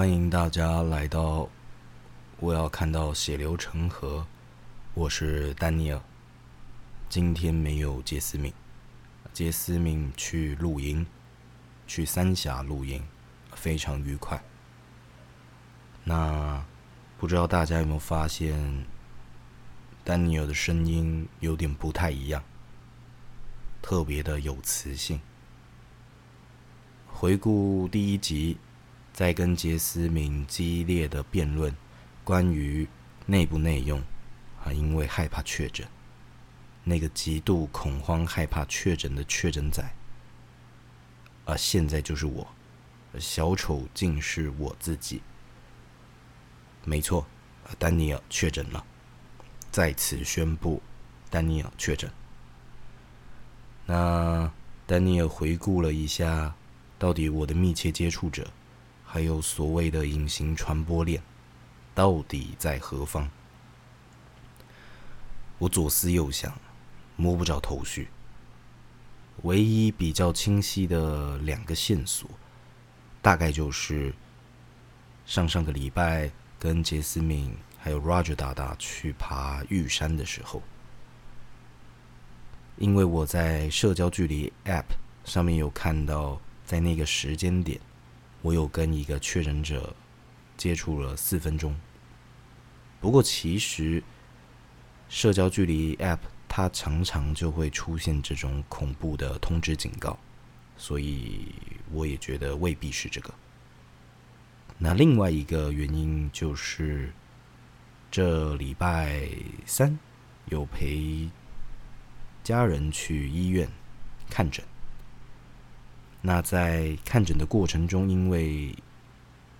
歡迎大家來到！我要看到血流成河，我是丹尼爾。今天沒有杰斯敏，杰斯敏去露營，去三峽露營，非常愉快。那不知道大家有沒有發現，丹尼爾的聲音有點不太一樣，特別的有磁性。回顧第一集。在跟傑斯敏激烈的辯論，關於內不內用。啊，因為害怕確診，那個極度恐慌、害怕確診的確診仔，啊，現在就是我，小丑竟是我自己。沒錯，丹尼爾確診了，在此宣布，丹尼爾確診。那丹尼爾回顧了一下，到底我的密切接觸者，還有所謂的隱形傳播鏈，到底在何方？我左思右想，摸不着頭緒。唯一比較清晰的兩個線索，大概就是上上個禮拜跟傑斯敏還有 Roger 大大去爬玉山的時候，因為我在社交距離 App 上面有看到，在那個時間點。我有跟一個確診者接觸了四分鐘。不過其實社交距離 App 它常常就會出現這種恐怖的通知警告，所以我也覺得未必是這個。那另外一個原因就是這禮拜三有陪家人去醫院看診。那在看診的過程中，因為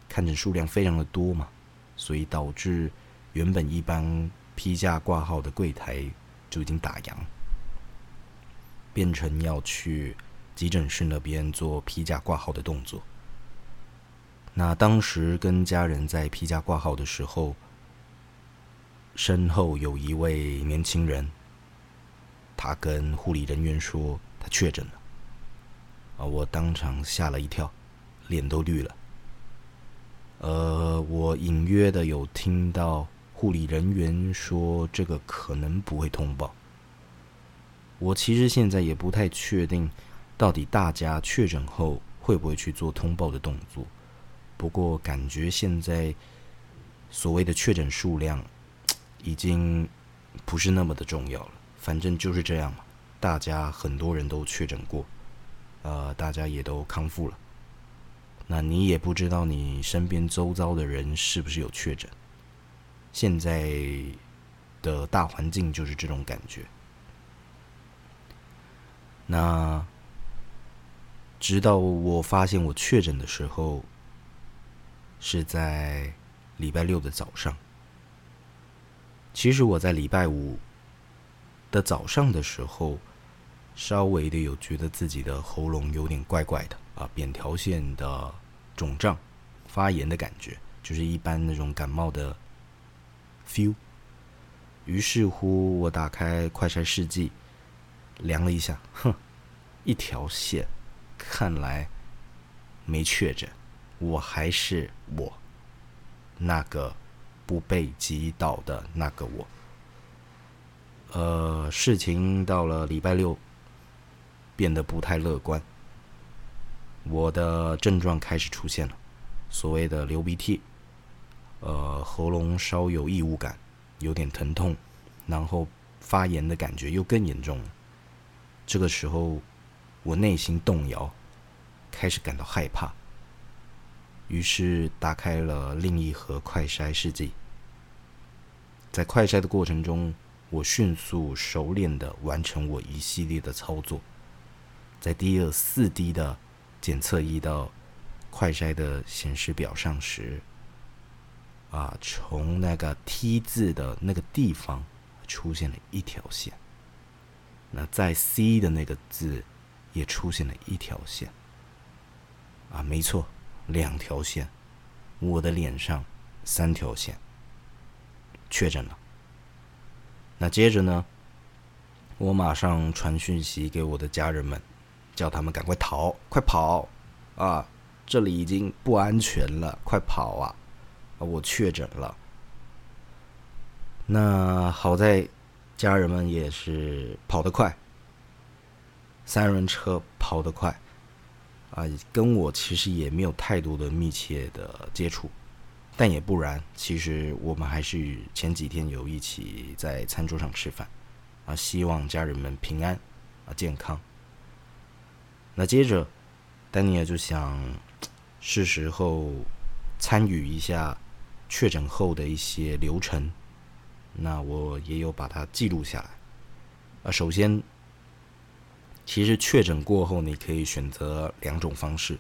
看診數量非常的多嘛，所以導致原本一般批價掛號的櫃檯就已經打烊，變成要去急診室那邊做批價掛號的動作。那當時跟家人在批價掛號的時候，身後有一位年輕人，他跟護理人員說他確診了。啊！我當場嚇了一跳，臉都綠了。呃，我隱約的有聽到護理人員說，這個可能不會通報。我其實現在也不太確定，到底大家確診後會不會去做通報的動作。不過感覺現在所謂的確診數量已經不是那麼的重要了。反正就是這樣嘛，大家很多人都確診過。呃，大家也都康復了。那你也不知道你身邊周遭的人是不是有確診。現在的大環境就是這種感覺。那直到我發現我確診的時候，是在禮拜六的早上。其實我在禮拜五的早上的時候。稍微的有覺得自己的喉嚨有點怪怪的啊，扁桃腺的腫脹、發炎的感覺，就是一般那種感冒的 feel。於是乎，我打開快篩試劑，量了一下，哼，一條線，看來沒確診，我還是我那個不被擊倒的那個我。呃，事情到了禮拜六。變得不太樂觀，我的症狀開始出現了，所謂的流鼻涕，呃，喉嚨稍有異物感，有點疼痛，然後發炎的感覺又更嚴重了。這個時候，我內心動搖，開始感到害怕。於是打開了另一盒快篩試劑，在快篩的過程中，我迅速熟練地完成我一系列的操作。在滴了四滴的檢測儀到快篩的顯示表上時，啊，從那個 T 字的那個地方出現了一條線，那在 C 的那個字也出現了一條線，啊，沒錯，兩條線，我的臉上三條線，確診了。那接着呢，我馬上傳訊息給我的家人們。叫他們趕快逃，快跑！啊，這裡已經不安全了，快跑啊！我確診了。那好在家人們也是跑得快，三輪車跑得快，啊，跟我其實也沒有太多的密切的接觸，但也不然。其實我們還是前幾天有一起在餐桌上吃飯，啊，希望家人們平安啊，健康。那接着，丹尼爾就想，是時候參與一下確診後的一些流程。那我也有把它記錄下來。啊，首先，其實確診過後，你可以選擇兩種方式，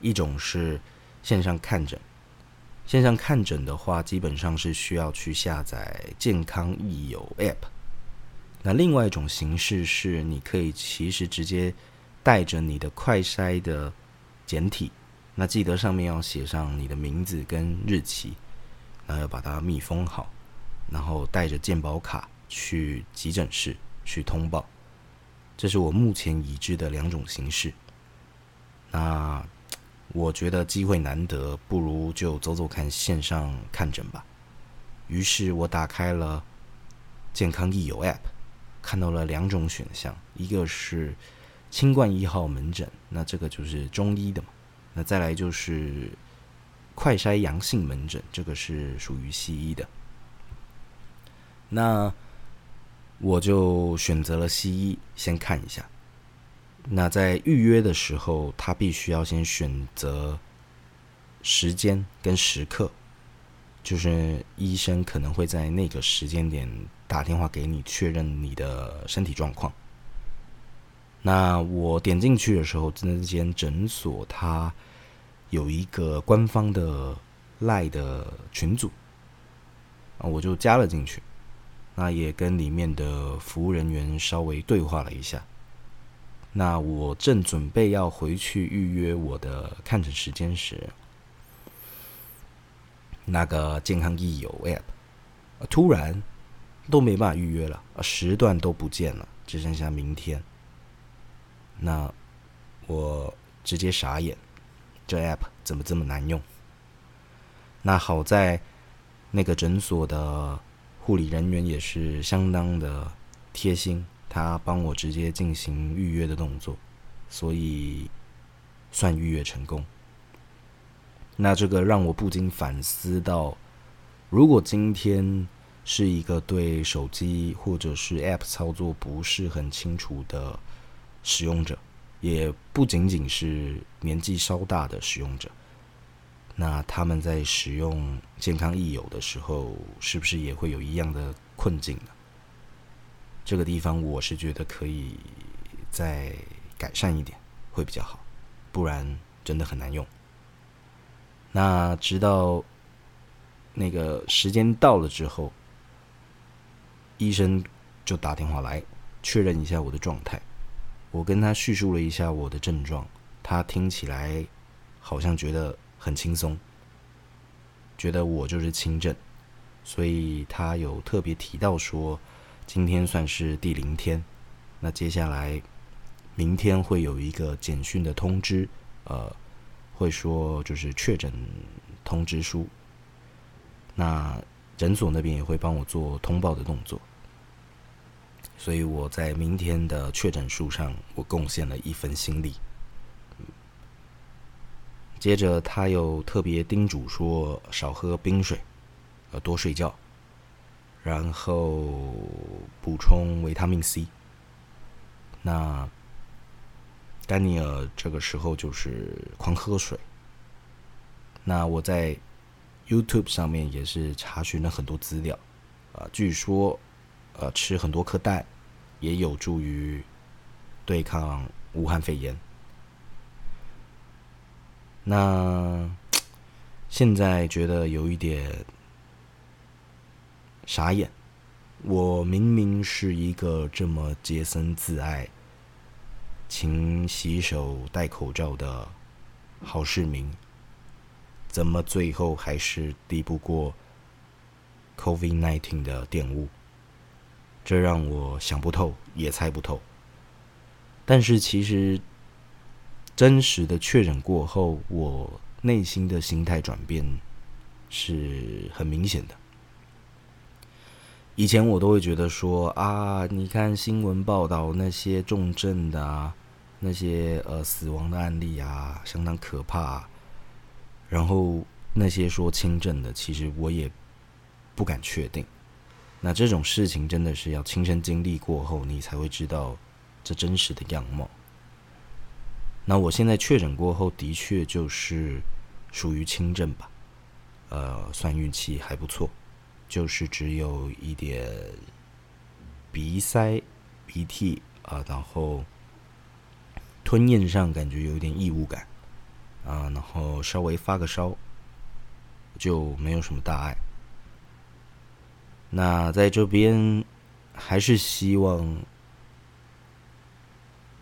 一種是線上看診。線上看診的話，基本上是需要去下載健康益友 App。那另外一種形式是，你可以其實直接。帶着你的快篩的簡體，那記得上面要寫上你的名字跟日期，然後要把它密封好，然後帶着健保卡去急診室去通報。這是我目前已知的兩種形式。那我覺得機會難得，不如就走走看線上看診吧。於是我打開了健康益友 App，看到了兩種選項，一個是。清冠一號門診，那這個就是中醫的嘛。那再來就是快篩陽性門診，這個是屬於西醫的。那我就選擇了西醫，先看一下。那在預約的時候，他必須要先選擇時間跟時刻，就是醫生可能會在那個時間點打電話給你，確認你的身體狀況。那我點進去的時候，這間診所它有一個官方的 LINE 的群組，我就加了進去。那也跟裡面的服務人員稍微對話了一下。那我正準備要回去預約我的看診時間時，那個健康益友 App 突然都沒辦法預約了，時段都不見了，只剩下明天。那我直接傻眼，這 app 怎麼這麼難用？那好在那個診所的護理人員也是相當的貼心，他幫我直接進行預約的動作，所以算預約成功。那這個讓我不禁反思到，如果今天是一個對手機或者是 app 操作不是很清楚的。使用者，也不僅僅是年紀稍大的使用者，那他們在使用健康益友的時候，是不是也會有一樣的困境呢？這個地方我是覺得可以再改善一點，會比較好，不然真的很難用。那直到那個時間到了之後，醫生就打電話來確認一下我的狀態。我跟他敘述了一下我的症狀，他聽起來好像覺得很輕鬆，覺得我就是輕症，所以他有特別提到說，今天算是第零天，那接下來明天會有一個簡訊的通知，呃，會說就是確診通知書，那診所那邊也會幫我做通報的動作。所以我在明天的確診數上，我貢獻了一份心力。接着他又特別叮囑說，少喝冰水，多睡覺，然後補充維他命 C。那丹尼爾這個時候就是狂喝水。那我在 YouTube 上面也是查詢了很多資料，啊，據說。呃，吃很多顆蛋，也有助於對抗武漢肺炎。那現在覺得有一點傻眼，我明明是一個這麼潔身自愛、勤洗手、戴口罩的好市民，怎麼最後還是抵不過 COVID-19 的玷污？這讓我想不透，也猜不透。但是其實，真實的確診過後，我內心的心態轉變是很明顯的。以前我都會覺得說啊，你看新聞報道那些重症的啊，那些呃死亡的案例啊，相當可怕啊。然後那些說輕症的，其實我也不敢確定。那這種事情真的是要親身經歷過後，你才會知道這真實的樣貌。那我現在確診過後，的確就是屬於輕症吧，呃，算運氣還不錯，就是只有一點鼻塞、鼻涕啊，呃，然後吞嚥上感覺有點異物感啊，呃，然後稍微發個燒，就沒有什麼大礙。那在這邊，還是希望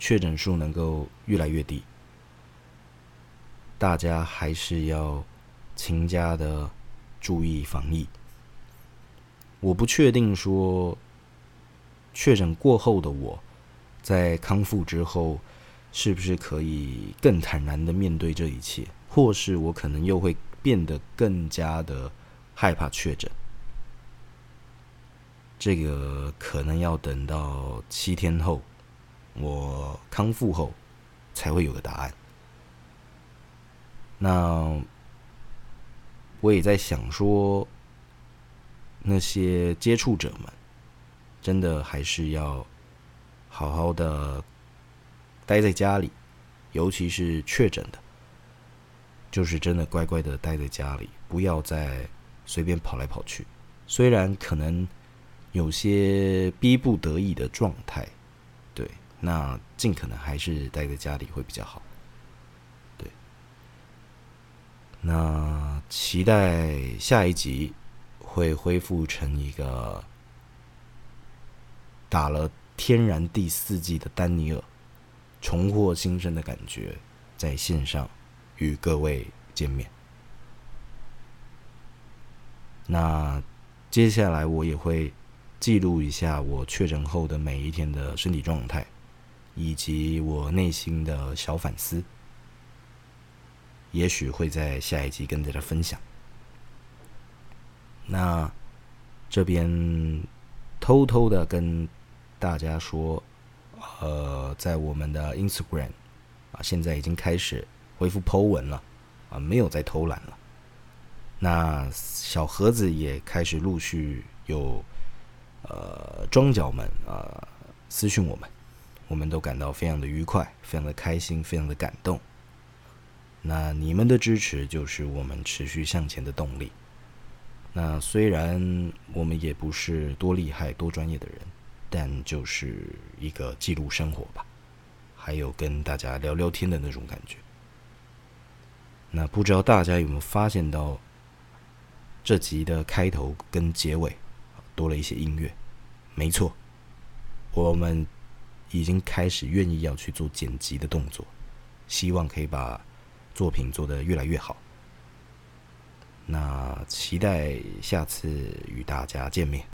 確診數能夠越來越低。大家還是要勤加的注意防疫。我不確定說確診過後的我，在康復之後，是不是可以更坦然的面對這一切，或是我可能又會變得更加的害怕確診。這個可能要等到七天後，我康復後才會有個答案。那我也在想說，那些接觸者們真的還是要好好的待在家裡，尤其是確診的，就是真的乖乖的待在家裡，不要再隨便跑來跑去。雖然可能。有些逼不得已的狀態，對，那盡可能還是待在家裡會比較好，對。那期待下一集會恢復成一個打了天然第四季的丹尼爾，重獲新生的感覺，在線上與各位見面。那接下來我也會。記錄一下我確診後的每一天的身體狀態，以及我內心的小反思，也許會在下一集跟大家分享。那這邊偷偷的跟大家說，呃，在我們的 Instagram 啊，現在已經開始恢復 PO 文了啊，沒有再偷懶了。那小盒子也開始陸續有。呃，莊腳們啊、呃，私訊我們，我們都感到非常的愉快，非常的開心，非常的感動。那你們的支持就是我們持續向前的動力。那雖然我們也不是多厲害、多專業的人，但就是一個記錄生活吧，還有跟大家聊聊天的那種感覺。那不知道大家有沒有發現到這集的開頭跟結尾？多了一些音樂，沒錯，我們已經開始願意要去做剪輯的動作，希望可以把作品做得越來越好。那期待下次與大家見面。